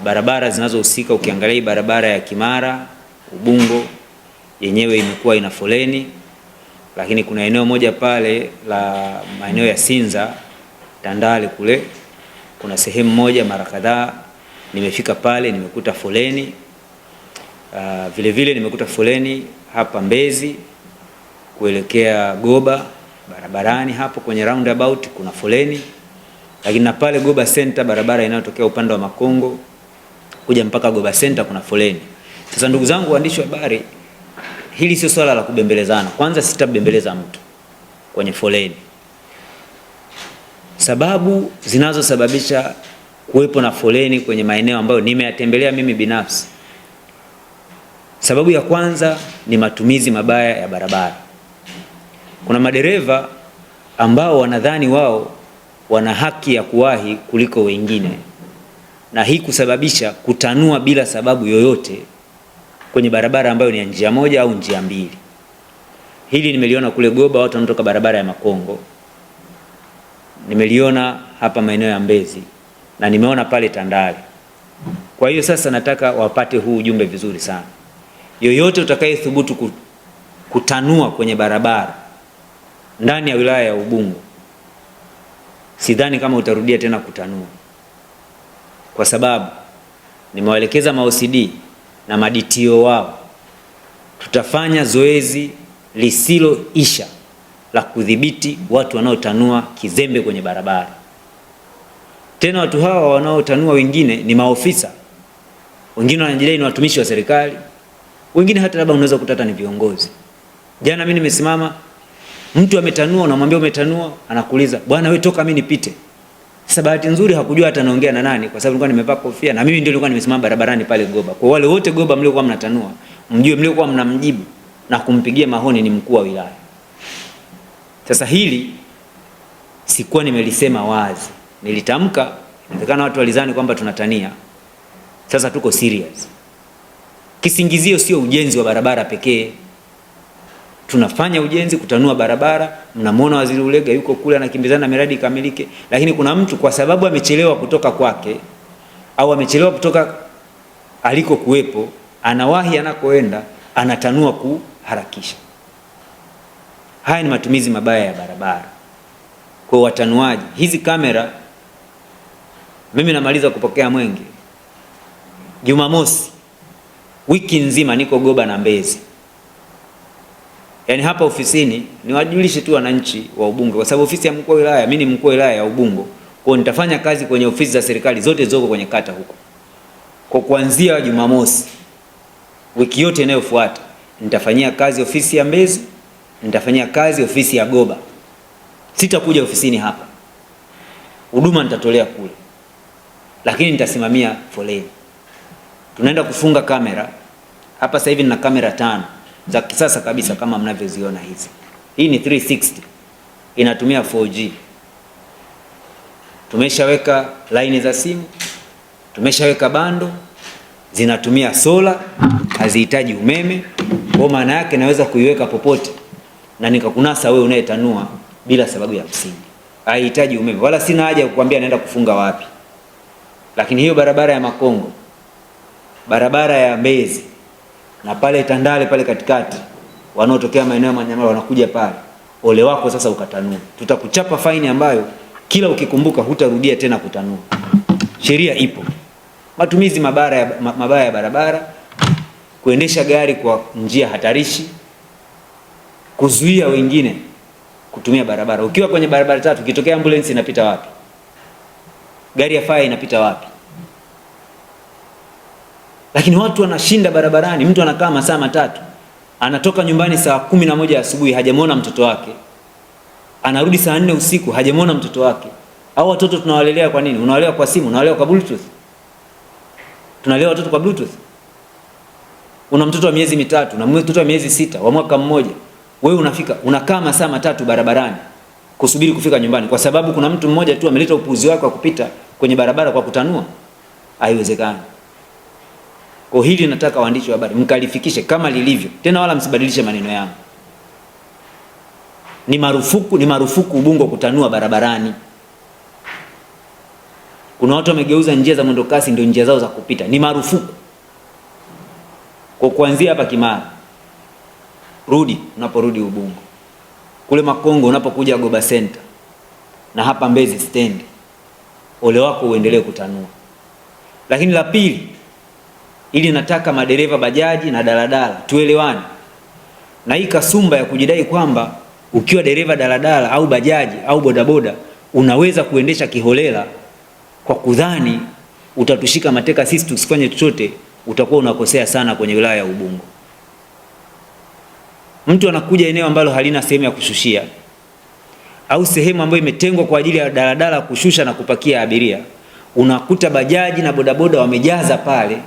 barabara zinazohusika. Ukiangalia hii barabara ya Kimara Ubungo yenyewe imekuwa ina foleni, lakini kuna eneo moja pale la maeneo ya Sinza Tandale kule, kuna sehemu moja mara kadhaa nimefika pale nimekuta foleni uh, vile vile nimekuta foleni hapa Mbezi kuelekea Goba barabarani hapo kwenye roundabout kuna foleni, lakini na pale Goba Center barabara inayotokea upande wa Makongo kuja mpaka Goba Center kuna foleni. Sasa ndugu zangu waandishi wa habari, hili sio swala la kubembelezana. Kwanza sitabembeleza mtu kwenye foleni. Sababu zinazosababisha kuwepo na foleni kwenye maeneo ambayo nimeyatembelea mimi binafsi, sababu ya kwanza ni matumizi mabaya ya barabara. Kuna madereva ambao wanadhani wao wana haki ya kuwahi kuliko wengine na hii kusababisha kutanua bila sababu yoyote kwenye barabara ambayo ni ya njia moja au njia mbili. Hili nimeliona kule Goba, watu wanatoka barabara ya Makongo, nimeliona hapa maeneo ya Mbezi na nimeona pale Tandale. Kwa hiyo sasa nataka wapate huu ujumbe vizuri sana. Yoyote utakayethubutu kutanua kwenye barabara ndani ya wilaya ya Ubungo, sidhani kama utarudia tena kutanua kwa sababu nimewaelekeza maOCD na maditio wao, tutafanya zoezi lisiloisha la kudhibiti watu wanaotanua kizembe kwenye barabara. Tena watu hawa wanaotanua wengine ni maofisa, wengine wanajidai ni watumishi wa serikali, wengine hata labda unaweza kutata ni viongozi. Jana mimi nimesimama, mtu ametanua, unamwambia umetanua, anakuuliza bwana, we toka mimi nipite. Sasa bahati nzuri hakujua hata naongea na nani, kwa sababu nilikuwa nimevaa kofia na mimi ndio nilikuwa nimesimama barabarani pale Goba. Kwa wale wote Goba mliokuwa mnatanua, mjue mliokuwa mnamjibu na kumpigia mahoni ni mkuu wa wilaya. Sasa hili sikuwa nimelisema wazi, nilitamka, inawezekana watu walizani kwamba tunatania. Sasa tuko serious. Kisingizio sio ujenzi wa barabara pekee tunafanya ujenzi kutanua barabara. Mnamwona Waziri Ulega yuko kule anakimbizana na miradi ikamilike, lakini kuna mtu kwa sababu amechelewa kutoka kwake au amechelewa kutoka aliko kuwepo, anawahi anakoenda, anatanua kuharakisha. Haya ni matumizi mabaya ya barabara. Kwa watanuaji, hizi kamera, mimi namaliza kupokea mwenge Jumamosi, wiki nzima niko Goba na Mbezi yani hapa ofisini niwajulishe tu wananchi wa Ubungo, kwa sababu ofisi ya mkuu wa wilaya, mimi ni mkuu wa wilaya ya Ubungo, kwa nitafanya kazi kwenye ofisi za serikali zote zoko kwenye kata huko, kwa kuanzia Jumamosi wiki yote inayofuata nitafanyia kazi ofisi ya Mbezi, nitafanyia kazi ofisi ya Goba, sitakuja ofisini hapa, huduma nitatolea kule, lakini nitasimamia foleni. Tunaenda kufunga kamera hapa sasa hivi, nina kamera tano za kisasa kabisa kama mnavyoziona hizi. Hii ni 360 inatumia 4G. Tumeshaweka laini za simu, tumeshaweka bando, zinatumia sola, hazihitaji umeme. Kwa maana yake naweza kuiweka popote na nikakunasa wewe unayetanua bila sababu ya msingi. Haihitaji umeme wala sina haja ya kukwambia naenda kufunga wapi. Lakini hiyo barabara ya Makongo, barabara ya Mbezi na pale Tandale pale katikati wanaotokea maeneo ya Manyamara wanakuja pale, ole wako sasa ukatanua, tutakuchapa faini ambayo kila ukikumbuka hutarudia tena kutanua. Sheria ipo, matumizi mabaya ya, mabaya ya barabara, kuendesha gari kwa njia hatarishi, kuzuia wengine kutumia barabara. Ukiwa kwenye barabara tatu, ikitokea ambulance inapita wapi? Gari ya fire inapita wapi? Lakini watu wanashinda barabarani, mtu anakaa masaa matatu, anatoka nyumbani saa kumi na moja asubuhi hajamwona mtoto wake, anarudi saa nne usiku hajamwona mtoto wake. Au watoto tunawalelea kwa nini? Unawalea kwa simu, unawalea kwa bluetooth. Tunalea watoto kwa bluetooth. Una mtoto wa miezi mitatu na mtoto wa miezi sita wa mwaka mmoja, wewe unafika unakaa masaa matatu barabarani kusubiri kufika nyumbani kwa sababu kuna mtu mmoja tu ameleta upuuzi wake wa kupita kwenye barabara kwa kutanua. Haiwezekani. Kwa hili nataka waandishi wa habari mkalifikishe kama lilivyo, tena wala msibadilishe maneno yangu. Ni marufuku, ni marufuku Ubungo kutanua barabarani. Kuna watu wamegeuza njia za mwendokasi ndio njia zao za kupita, ni marufuku. Kwa kuanzia hapa Kimara, rudi unaporudi Ubungo, kule Makongo unapokuja Goba Center, na hapa Mbezi stendi, ole wako uendelee kutanua. Lakini la pili ili nataka madereva bajaji na daladala tuelewane, na hii kasumba ya kujidai kwamba ukiwa dereva daladala au bajaji au bodaboda unaweza kuendesha kiholela kwa kudhani utatushika mateka sisi tusifanye chochote, utakuwa unakosea sana kwenye wilaya ya Ubungo. Mtu anakuja eneo ambalo halina sehemu ya kushushia au sehemu ambayo imetengwa kwa ajili ya daladala kushusha na kupakia abiria, unakuta bajaji na bodaboda wamejaza pale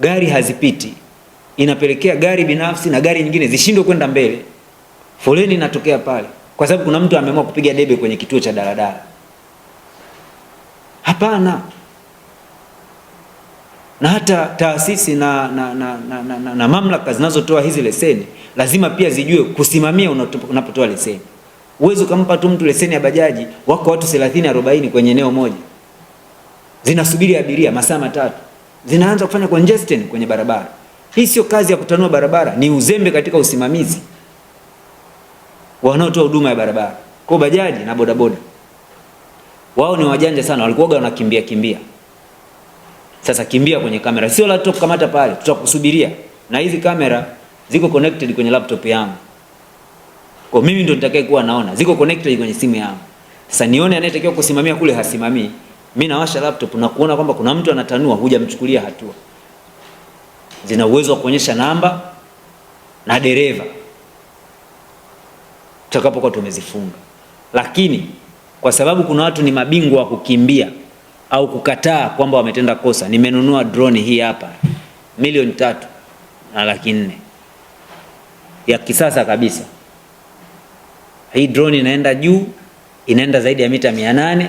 gari hazipiti, inapelekea gari binafsi na gari nyingine zishindwe kwenda mbele. Foleni inatokea pale kwa sababu kuna mtu ameamua kupiga debe kwenye kituo cha daladala. Hapana. Na hata taasisi na, na, na, na, na, na, na mamlaka zinazotoa hizi leseni lazima pia zijue kusimamia unapotoa leseni. uwezi ukampa tu mtu leseni ya bajaji, wako watu 30 40 kwenye eneo moja zinasubiri abiria masaa matatu zinaanza kufanya congestion kwenye barabara. Hii sio kazi ya kutanua barabara, ni uzembe katika usimamizi wanaotoa huduma ya barabara kwa bajaji na bodaboda. Wao ni wajanja sana, walikuwaga wanakimbia kimbia. Sasa kimbia kwenye kamera, sio laptop, kamata pale, tutakusubiria. Na hizi kamera ziko connected kwenye laptop yangu, kwa mimi ndo nitakaye kuwa naona, ziko connected kwenye simu yangu. Sasa nione anayetakiwa kusimamia kule hasimamii mimi nawasha laptop na kuona kwamba kuna mtu anatanua, hujamchukulia hatua. Zina uwezo wa kuonyesha namba na dereva tutakapokuwa tumezifunga, lakini kwa sababu kuna watu ni mabingwa wa kukimbia au kukataa kwamba wametenda kosa. Nimenunua drone hii hapa milioni tatu na laki nne ya kisasa kabisa. Hii drone inaenda juu, inaenda zaidi ya mita mia nane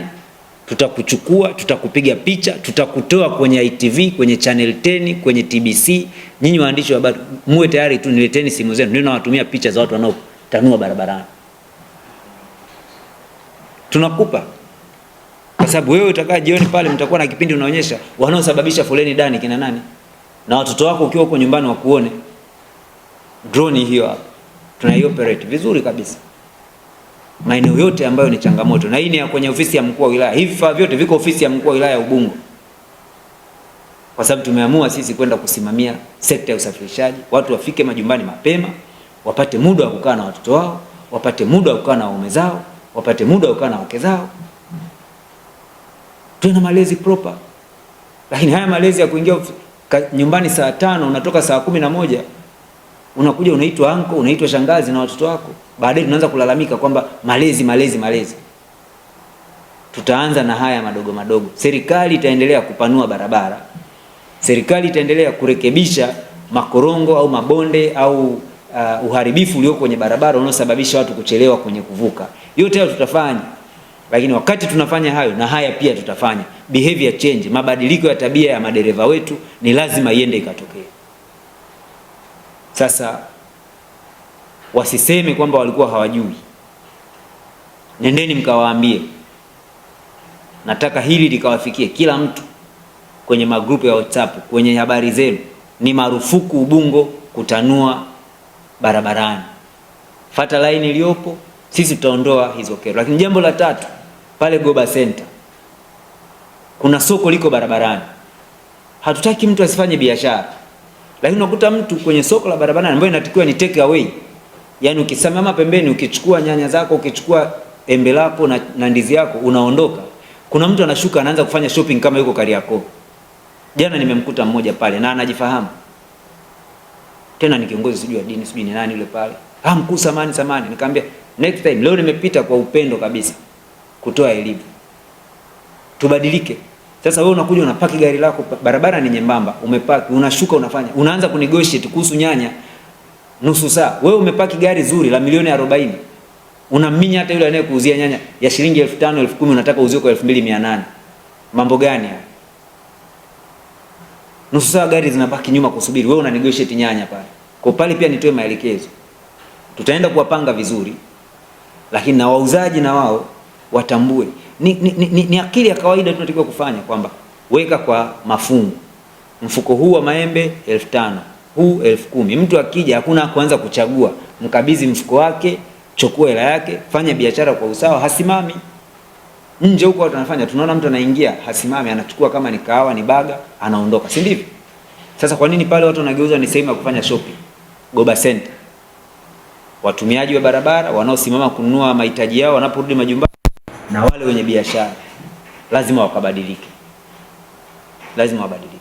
tutakuchukua, tutakupiga picha, tutakutoa kwenye ITV, kwenye Channel 10, kwenye TBC. Nyinyi waandishi wa habari muwe tayari tu, nileteni simu zenu, ndio nawatumia picha za watu wanaotanua barabarani, tunakupa kwa sababu wewe utakaa jioni pale, mtakuwa na kipindi unaonyesha wanaosababisha foleni ndani kina nani, na watoto wako ukiwa huko nyumbani wakuone. drone hiyo hapa tunaioperate vizuri kabisa maeneo yote ambayo ni changamoto, na hii ni kwenye ofisi ya mkuu wa wilaya. Hivi vifaa vyote viko ofisi ya mkuu wa wilaya ya Ubungo, kwa sababu tumeamua sisi kwenda kusimamia sekta ya usafirishaji. Watu wafike majumbani mapema, wapate muda wa kukaa na watoto wao, wapate muda wa kukaa na waume zao, wapate muda wa kukaa na wake zao, tuwe na malezi proper. Lakini haya malezi ya kuingia nyumbani saa tano unatoka saa kumi na moja unakuja unaitwa anko, unaitwa shangazi na watoto wako. Baadaye tunaanza kulalamika kwamba malezi, malezi, malezi. Tutaanza na haya madogo madogo. Serikali itaendelea kupanua barabara, serikali itaendelea kurekebisha makorongo au mabonde au Uh, uharibifu ulioko kwenye barabara unaosababisha watu kuchelewa kwenye kuvuka. Yote hayo tutafanya, lakini wakati tunafanya hayo na haya pia tutafanya behavior change, mabadiliko ya tabia ya madereva wetu ni lazima iende ikatokee. Sasa wasiseme kwamba walikuwa hawajui. Nendeni mkawaambie, nataka hili likawafikie kila mtu kwenye magrupu ya WhatsApp, kwenye habari zenu. Ni marufuku Ubungo kutanua barabarani, fata laini iliyopo, sisi tutaondoa hizo kero. Lakini jambo la tatu, pale Goba Center kuna soko liko barabarani, hatutaki mtu asifanye biashara. Lakini unakuta mtu kwenye soko la barabarani ambayo inatakiwa ni take away. Yaani ukisimama pembeni ukichukua nyanya zako, ukichukua embe lako na, na ndizi yako unaondoka. Kuna mtu anashuka anaanza kufanya shopping kama yuko Kariakoo. Jana nimemkuta mmoja pale na anajifahamu. Tena ni kiongozi sijui wa dini sijui ni nani yule pale. Ah, mkuu samani samani, nikamwambia next time leo nimepita kwa upendo kabisa kutoa elimu. Tubadilike. Sasa wewe unakuja unapaki gari lako, barabara ni nyembamba, umepaki, unashuka, unafanya unaanza kunegotiate kuhusu nyanya nusu saa. Wewe umepaki gari zuri la milioni 40, unaminya hata yule anayekuuzia nyanya ya shilingi 5000 10000, unataka uuzie kwa 2800. Mambo gani haya? Nusu saa gari zinabaki nyuma kusubiri, wewe una negotiate nyanya pale. Kwa pale pia nitoe maelekezo, tutaenda kuwapanga vizuri, lakini na wauzaji na wao watambue ni, ni, ni, ni akili ya kawaida tunatakiwa kufanya kwamba weka kwa mafungu, mfuko huu wa maembe elfu tano huu elfu kumi Mtu akija hakuna kuanza kuchagua, mkabidhi mfuko wake, chukua hela yake, fanya biashara kwa usawa, hasimami nje huko watu wanafanya, tunaona mtu anaingia hasimami, anachukua kama ni kahawa ni baga, anaondoka, si ndivyo? Sasa kwa nini pale watu wanageuza ni sehemu ya kufanya shopping? Goba Center, watumiaji wa barabara wanaosimama kununua mahitaji yao wanaporudi majumbani na wale wenye biashara lazima wakabadilike, lazima wabadilike.